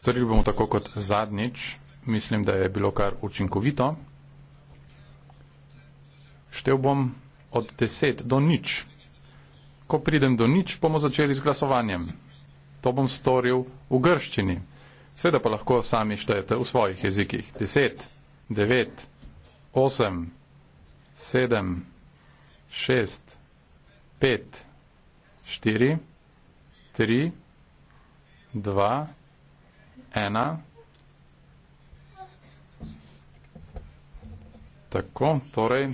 Storili bomo tako kot zadnjič. Mislim, da je bilo kar učinkovito. Štev bom od 10 do nič. Ko pridem do nič, bomo začeli z glasovanjem. To bom storil v grščini. Sveda pa lahko sami štejete v svojih jezikih. 10, 9, 8, 7, 6, 5, 4, 3, 4 dva, ena. Tako, torej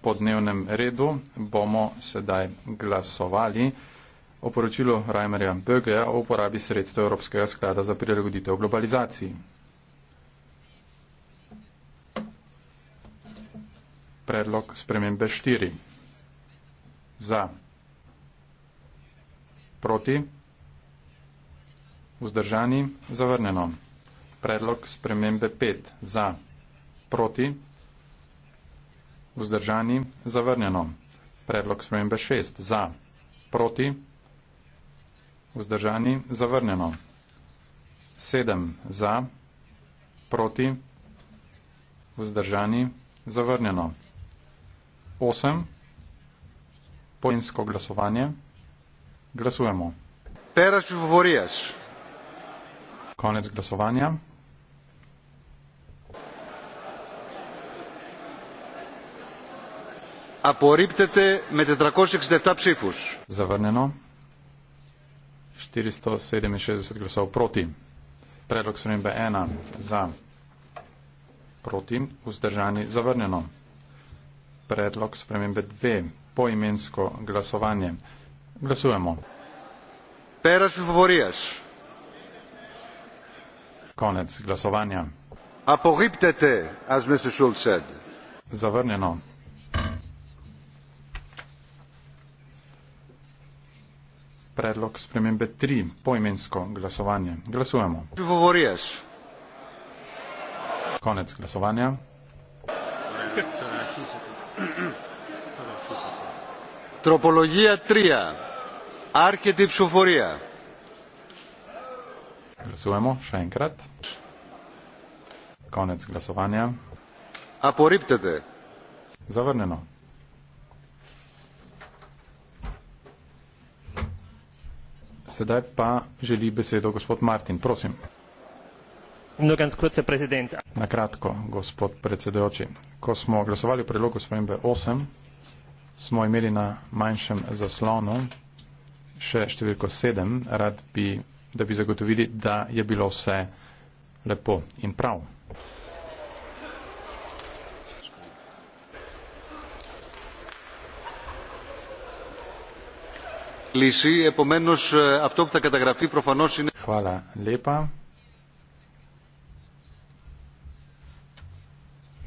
po dnevnem redu bomo sedaj glasovali o poročilu Reimerja Bögeja o uporabi sredstev Evropskega sklada za prilagoditev globalizaciji. Predlog spremembe 4. Za. Proti. Vzdržani zavrnjeno. Predlog spremembe 5 za. Proti. Vzdržani zavrnjeno. Predlog spremembe 6 za. Proti. Vzdržani zavrnjeno. 7 za. Proti. Vzdržani zavrnjeno. 8. Poinsko glasovanje. Glasujemo. Peraš, govorijaš. Konec glasovanja. Apoorriptete med 367 prifus. Zavrnjeno. 467 glasov proti. Predlog spremembe 1 za. Proti. Vzdržani. Zavrnjeno. Predlog spremembe 2. Poimensko glasovanje. Glasujemo. Peraš favorijas konec glasovanja zavrnjeno predlog spremembe tri poimensko glasovanje glasujemo konec glasovanja tropologija trija arhetip šuforija glasujemo še enkrat. Konec glasovanja. A poriptete? Zavrnjeno. Sedaj pa želi besedo gospod Martin, prosim. Na kratko, gospod predsedojoči. Ko smo glasovali o predlogu spremembe 8, smo imeli na manjšem zaslonu še številko 7. Rad bi da bi zagotovili, da je bilo vse lepo in prav. Hvala lepa.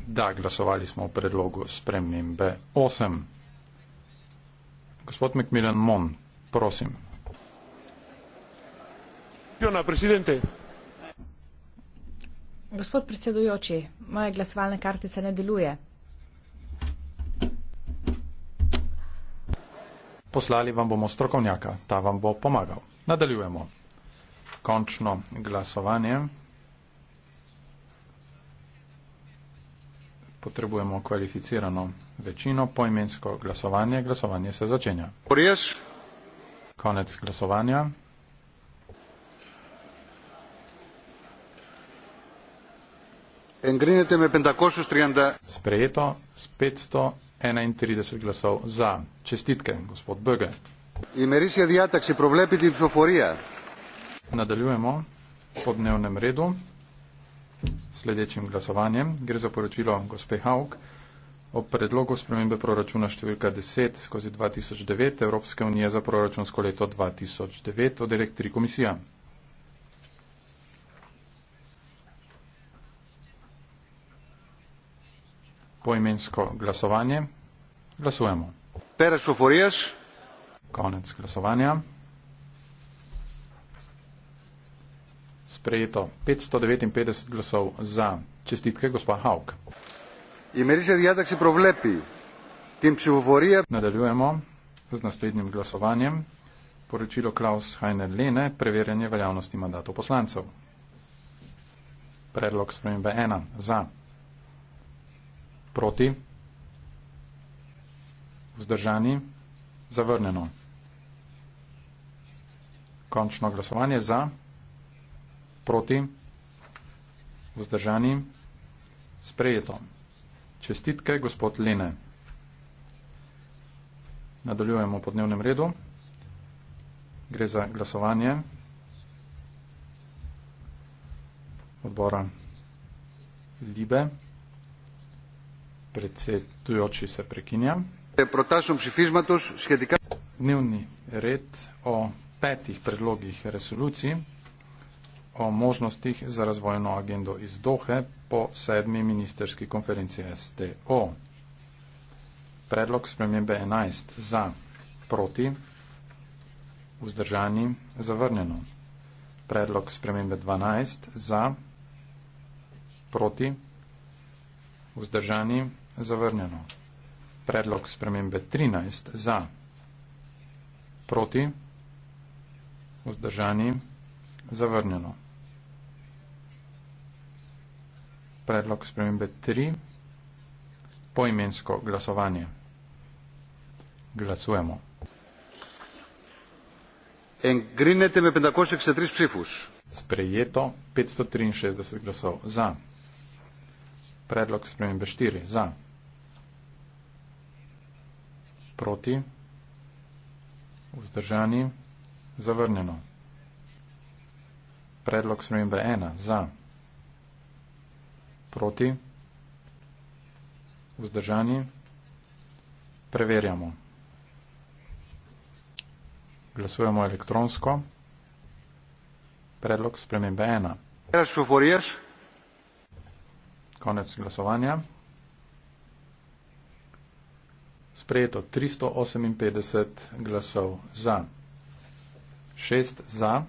Da, glasovali smo v predlogu spremljen B8. Gospod Mekmilan Mon, prosim. Gospod predsedujoči, moja glasovalna kartica ne deluje. Poslali vam bomo strokovnjaka, ta vam bo pomagal. Nadaljujemo. Končno glasovanje. Potrebujemo kvalificirano večino, poimensko glasovanje, glasovanje se začenja. Konec glasovanja. Engrinete me pentakošus 30. Sprejeto s 531 glasov za. Čestitke, gospod Böge. Imerisija diataksi problepiti psoforija. Nadaljujemo po dnevnem redu sledečim glasovanjem. Gre za poročilo gospe Hauk o predlogu spremembe proračuna številka 10 skozi 2009 Evropske unije za proračunsko leto 2009 od elektrikomisija. poimensko glasovanje. Glasujemo. Perez Foforijas. Konec glasovanja. Sprejeto 559 glasov za. Čestitke, gospod Hauk. Nadaljujemo z naslednjim glasovanjem. Poročilo Klaus Heiner Lene, preverjanje veljavnosti mandatov poslancev. Predlog spremembe 1 za. Proti? Vzdržani? Zavrnjeno. Končno glasovanje za? Proti? Vzdržani? Sprejeto. Čestitke, gospod Lene. Nadaljujemo po dnevnem redu. Gre za glasovanje odbora Libe predsedujoči se prekinja. E, Dnevni red o petih predlogih resolucij o možnostih za razvojno agendo iz Dohe po sedmi ministerski konferenci STO. Predlog spremembe 11 za, proti, vzdržani, zavrnjeno. Predlog spremembe 12 za, proti, vzdržani, zavrnjeno zavrnjeno. Predlog spremembe 13 za, proti, vzdržani, zavrnjeno. Predlog spremembe 3, poimensko glasovanje. Glasujemo. Sprejeto 563 glasov za. Predlog spremembe 4. Za. Proti. Vzdržani. Zavrnjeno. Predlog spremembe 1. Za. Proti. Vzdržani. Preverjamo. Glasujemo elektronsko. Predlog spremembe 1. Predlog spremembe 1. Konec glasovanja. Sprejeto 358 glasov za. 6 za.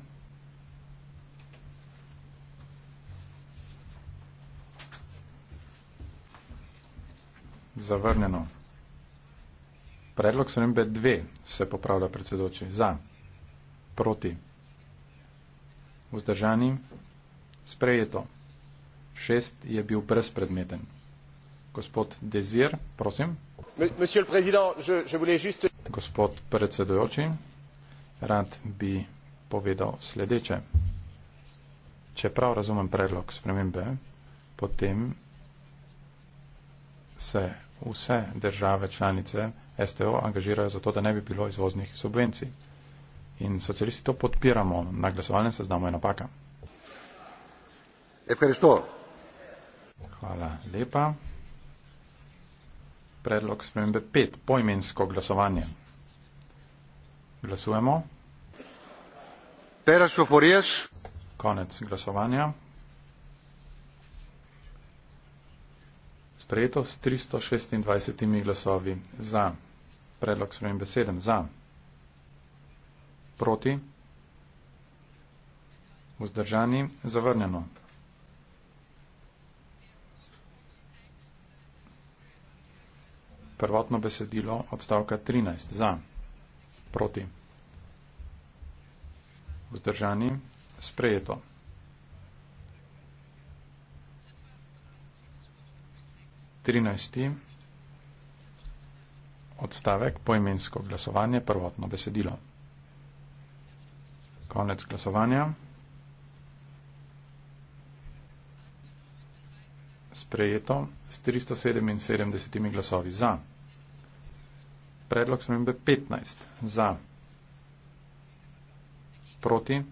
Zavrnjeno. Predlog srembe 2 se popravlja predsedoči. Za. Proti. Vzdržani. Sprejeto šest je bil brezpredmeten. Gospod Dezir, prosim. Je, je juste... Gospod predsedujoči, rad bi povedal sledeče. Če prav razumem predlog spremembe, potem se vse države članice STO angažirajo za to, da ne bi bilo izvoznih subvencij. In socialisti to podpiramo, na glasovanje se znamo je napaka. E per isto, Hvala lepa. Predlog spremembe 5. Pojmensko glasovanje. Glasujemo. Teraz šoforijes. Konec glasovanja. Sprejeto s 326 glasovi za. Predlog spremembe 7. Za. Proti. Vzdržani. Zavrnjeno. prvotno besedilo odstavka 13 za, proti, vzdržani, sprejeto. Trinajsti odstavek, poimensko glasovanje, prvotno besedilo. Konec glasovanja. sprejeto s 377 glasovi za. Predlog spremembe 15 za, proti,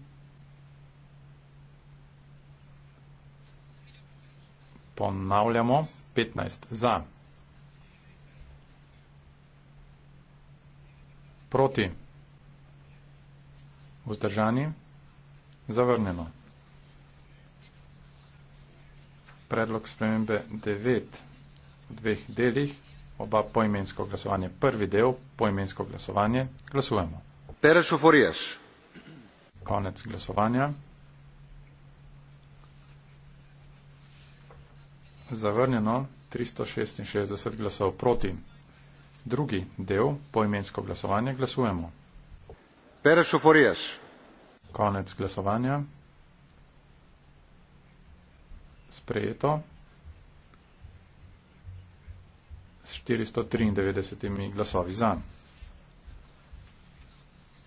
ponavljamo 15 za, proti, vzdržani, zavrnjeno. predlog spremembe 9 v dveh delih, oba poimensko glasovanje. Prvi del, poimensko glasovanje, glasujemo. Perez Foforijas. Konec glasovanja. Zavrnjeno 366 glasov proti. Drugi del, poimensko glasovanje, glasujemo. Perez Foforijas. Konec glasovanja sprejeto s 493 glasovi za.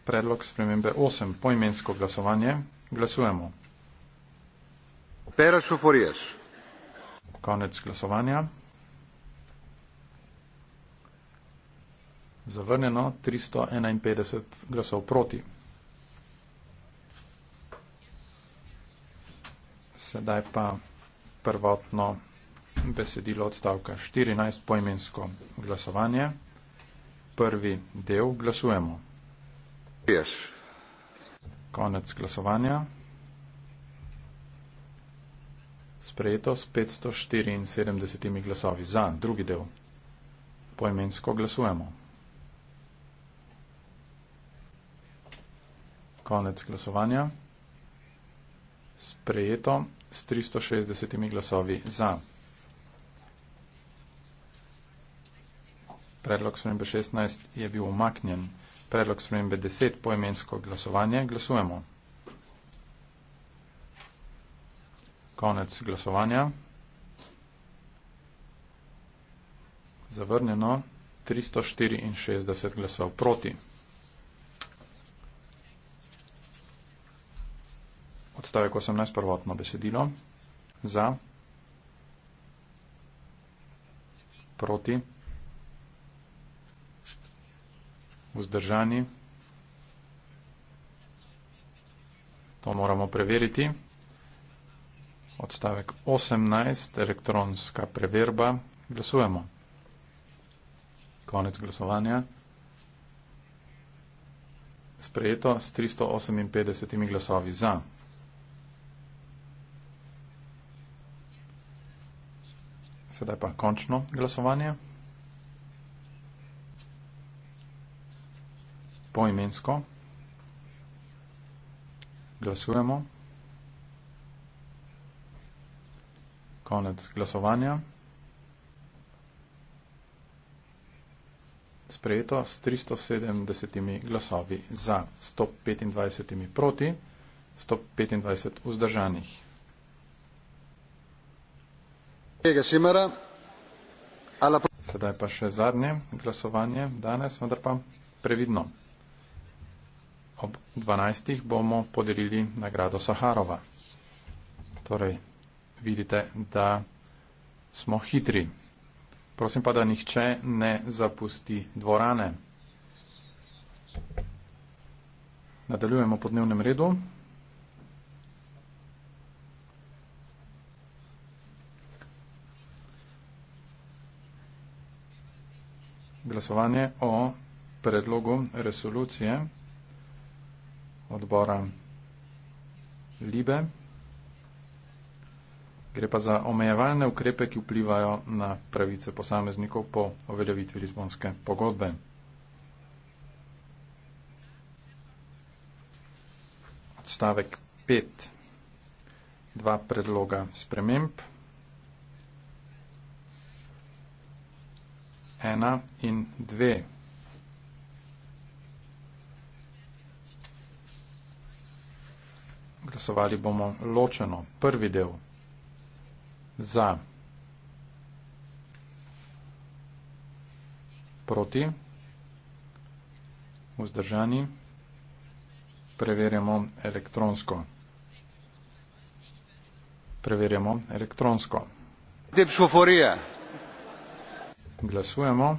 Predlog spremembe 8. Poimensko glasovanje. Glasujemo. Pera Šuforijas. Konec glasovanja. Zavrnjeno 351 glasov proti. Sedaj pa prvotno besedilo odstavka 14 poimensko glasovanje. Prvi del glasujemo. Yes. Konec glasovanja. Sprejeto s 574 glasovi za. Drugi del. Poimensko glasujemo. Konec glasovanja. Sprejeto s 360 glasovi za. Predlog spremembe 16 je bil umaknjen. Predlog spremembe 10 poemensko glasovanje. Glasujemo. Konec glasovanja. Zavrnjeno 364 glasov proti. odstavek 18 prvotno besedilo. Za. Proti. Vzdržani. To moramo preveriti. Odstavek 18, elektronska preverba. Glasujemo. Konec glasovanja. Sprejeto s 358 glasovi za. sedaj pa končno glasovanje. Poimensko glasujemo. Konec glasovanja. Sprejeto s 370 glasovi za 125 proti, 125 vzdržanih. Sedaj pa še zadnje glasovanje danes, vendar pa previdno. Ob 12. bomo podelili nagrado Saharova. Torej, vidite, da smo hitri. Prosim pa, da nihče ne zapusti dvorane. Nadaljujemo po dnevnem redu. glasovanje o predlogu resolucije odbora Libe. Gre pa za omejevalne ukrepe, ki vplivajo na pravice posameznikov po uveljavitvi Lizbonske pogodbe. Odstavek 5. Dva predloga sprememb. ena in dve. Glasovali bomo ločeno. Prvi del za, proti, vzdržani, preverjamo elektronsko. Preverjamo elektronsko. Tip šoforije. Glasujemo.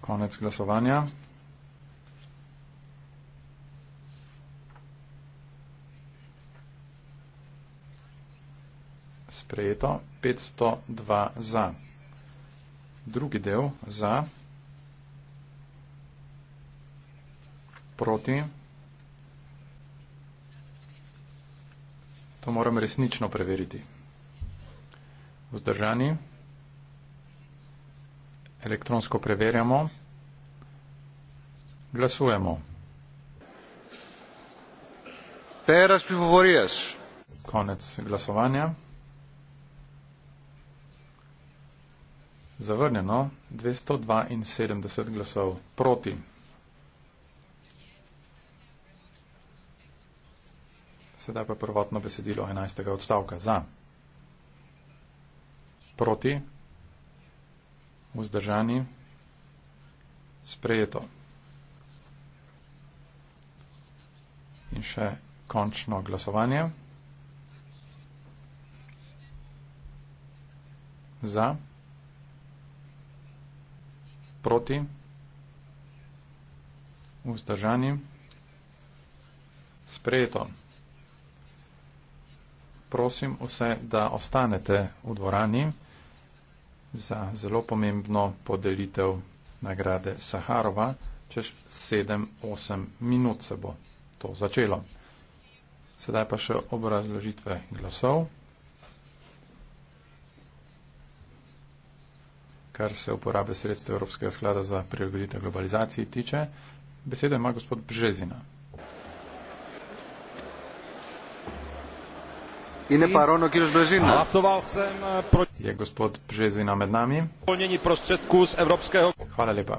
Konec glasovanja. Sprejeto 502 za. Drugi del za. proti. To moram resnično preveriti. Vzdržani. Elektronsko preverjamo. Glasujemo. Peras pripovorijas. Konec glasovanja. Zavrnjeno 272 glasov proti. Sedaj pa prvotno besedilo 11. odstavka za. Proti, vzdržani, sprejeto. In še končno glasovanje. Za, proti, vzdržani, sprejeto prosim vse, da ostanete v dvorani za zelo pomembno podelitev nagrade Saharova. Čez 7-8 minut se bo to začelo. Sedaj pa še obrazložitve glasov. kar se uporabe sredstva Evropskega sklada za prilagoditev globalizaciji tiče. Beseda ima gospod Brzezina. Hlasoval jsem proti. Je gospod Březina med nami? Plnění prostředků z evropského. Hvala lepa.